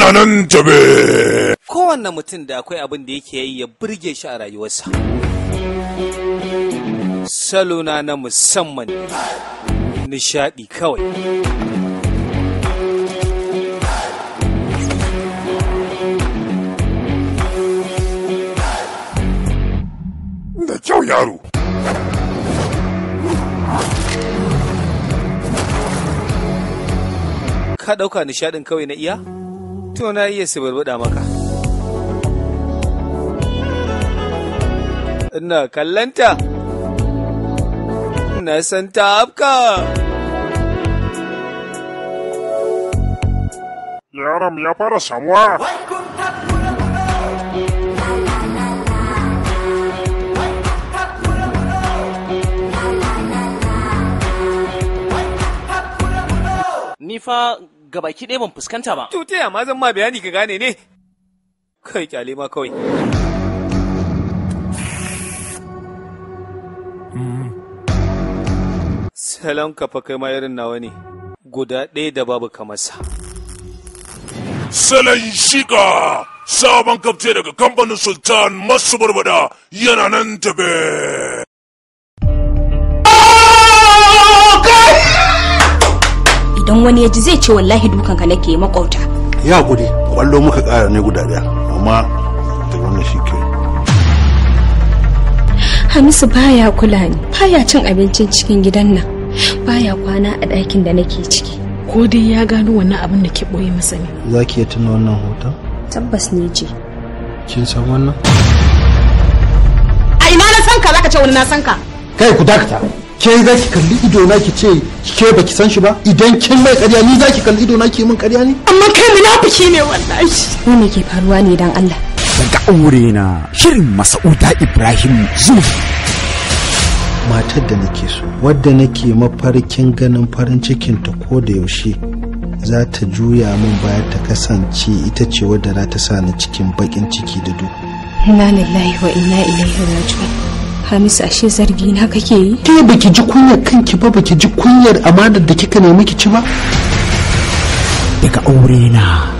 yana nan tabe. Kowanne mutum da akwai abin da yake yi ya burge shi a rayuwarsa. Salona na musamman nishaɗi kawai. Da kyau yaro. Ka ɗauka nishaɗin kawai na iya? to na iya sabarbada maka ina kallanta na san ta afka ram ya fara samuwa Nifa. Ga baki ɗaya ban fuskanta ba. To taya ma zan ma bayani ka gane ne? Kai kyale ma kawai. Salon kafa kai ma irin nawa ne, guda ɗaya da babu kamarsa. Salon shiga sabon kafce daga kamfanin Sultan masu barbada yana nan tabe. wani ya ji zai ce wallahi dukanka nake makauta ya gudi kwallo muka kara ne guda daya amma da wannan shi ke hamisu baya kula ni baya cin abincin cikin gidan nan baya kwana a ɗakin da nake ciki ko dai ya gano wannan abin da ke ɓoye masa ne za ki iya tuna wannan hoton tabbas ne je kin san wannan a ina na sanka ka zaka ce wani na sanka. kai ku dakata ke za ki kalli ido na ki ce ke ba ki san shi ba idan kin mai karya ni za ki kalli ido na ki min karya ne amma kai munafiki ne wallahi ko me ke faruwa ne dan Allah daga aure na shirin Masauda Ibrahim Zuf matar da nake so wadda nake mafarkin ganin farin cikin ta ko da yaushe za ta juya min baya ta kasance ita ce wadda za ta sa ni cikin bakin ciki da duk inna lillahi wa inna ilaihi raji'un Hamisu ashe zargi na kake yi? Ke baki ji kunyar kanki ba baki ji kunyar amanar da kika nemi ki ci ba? Daga aure na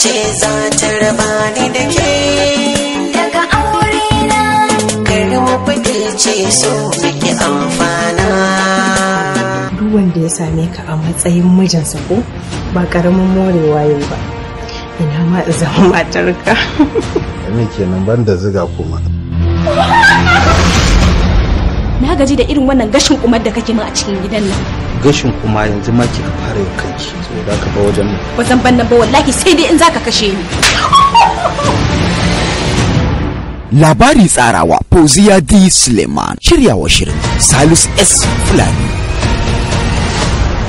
ce za ta raba ni da ke daga aure na kar mu fice so muke amfana duk wanda ya same ka a matsayin mijinsa ko ba karamin morewa yau ba ina ma zama matarka ne kenan banda ziga kuma gaji da irin wannan gashin kumar da kake min a cikin gidan nan gashin kuma yanzu ma kika fara yin kanki saboda ka ba wajen nan ba zan ban nan ba wallahi sai dai in zaka kashe ni labari tsarawa fauziya d suleiman shiryawa shirin salus s fulani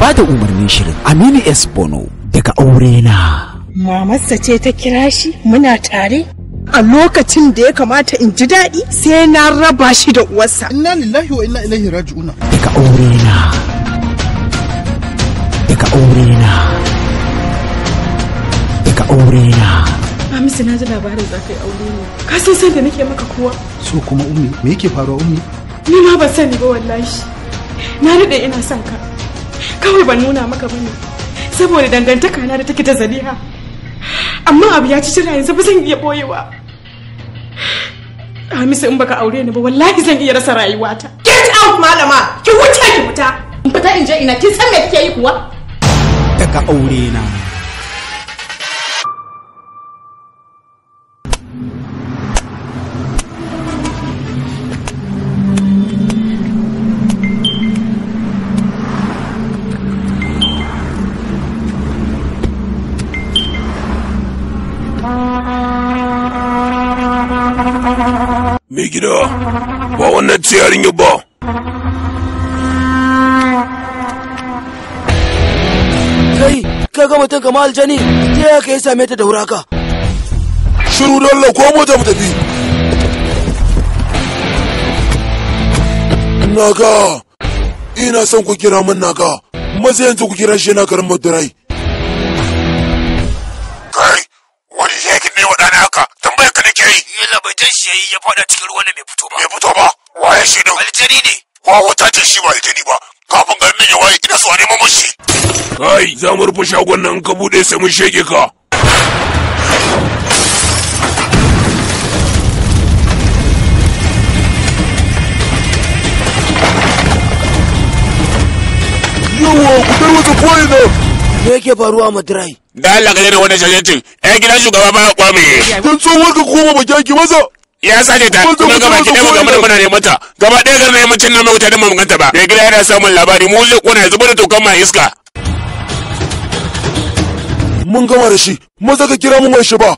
ba da umarnin shirin aminu s bono daga aure na mamarsa ce ta kira shi muna tare a lokacin da ya kamata in ji daɗi sai na raba shi da uwarsa. Inna lillahi wa inna ilaihi raji'una. Daga aure na. Daga aure na. Daga aure na. Hamisu na ji labarin za ka yi aure ne. Ka san san da nake maka kowa. So kuma ummi me yake faruwa umu? Ni ma ban sani ba wallahi. Na daɗe ina son ka. Kawai ban nuna maka ba ne. Saboda dangantaka na da take ta zaliha. Amma abu ya ci jira yanzu ba zan iya boyewa. Hamisu in baka aure ni ba wallahi zan iya rasa rayuwata. Get out malama, ki wuce ki fita. In fita in je ina kin san me kike yi kuwa? Daga aure na. Mai gida, ba wannan ce yi ba. Kai, ka ga mutum kama aljani, ta ya ka yi same ta da wuraka. Shiru don ko mota mu tafi. naka ina son ku kira min naka maza yanzu ku kira shi na karin madurai. jan shi yayi ya fada cikin ruwan da mai fito ba Mai fito ba waye shi ne. aljani ne wa wata ce shi ba aljani ba kafin ga nan ya waye gida su neman mashi kai za mu rufe shagon nan ka buɗe sai mun shege ka yawa ku tarwata koyi me yake faruwa madurai da Allah ka da wannan shagancin ai gidan shugaba ba ya kwame kun tsohon ka koma ba kyaki masa ya sace ta kuma gaba ki dama gaba muna ne mata gaba ɗaya garin mutun nan wuta da mu ganta ba mai gida yana samun labari mu zai kona zubar da tokan ma iska mun gama da shi maza ka kira mun shi ba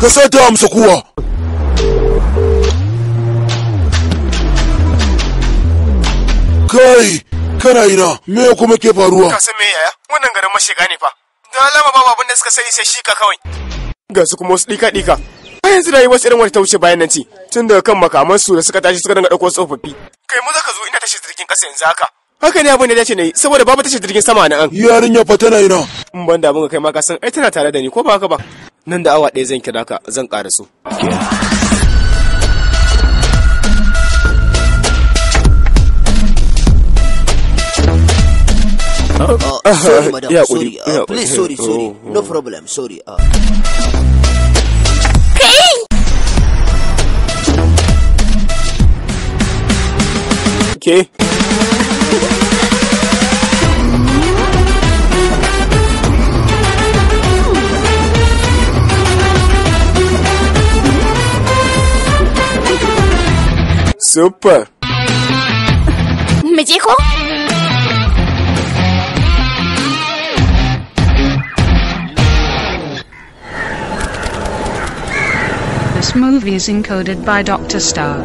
ka sa ta amsa kuwa kai kana ina me kuma ke faruwa ka san me yaya wannan garin mashiga ne fa don alama babu abin da suka sani sai shi ka kawai ga su kuma wasu dika dika a yanzu da yi wasu irin wata ta wuce bayan nan ci tun daga kan makaman su da suka tashi suka dinga ɗauko tsofaffi kai mu zaka zo ina tashi jirgin ƙasa yanzu haka haka ne abin da dace na yi saboda babu tashi jirgin sama na an yarinya fa tana ina in ban da abin kai ma ka san ai tana tare da ni ko ba haka ba nan da awa ɗaya zan kira ka zan ƙara su Ah, sorry, madam. sorry. Ah, please, sorry, sorry. Oh, no oh. problem. Sorry. Okay. Ah. Super. ¿Me dijo. movies movie is encoded by Dr. Star.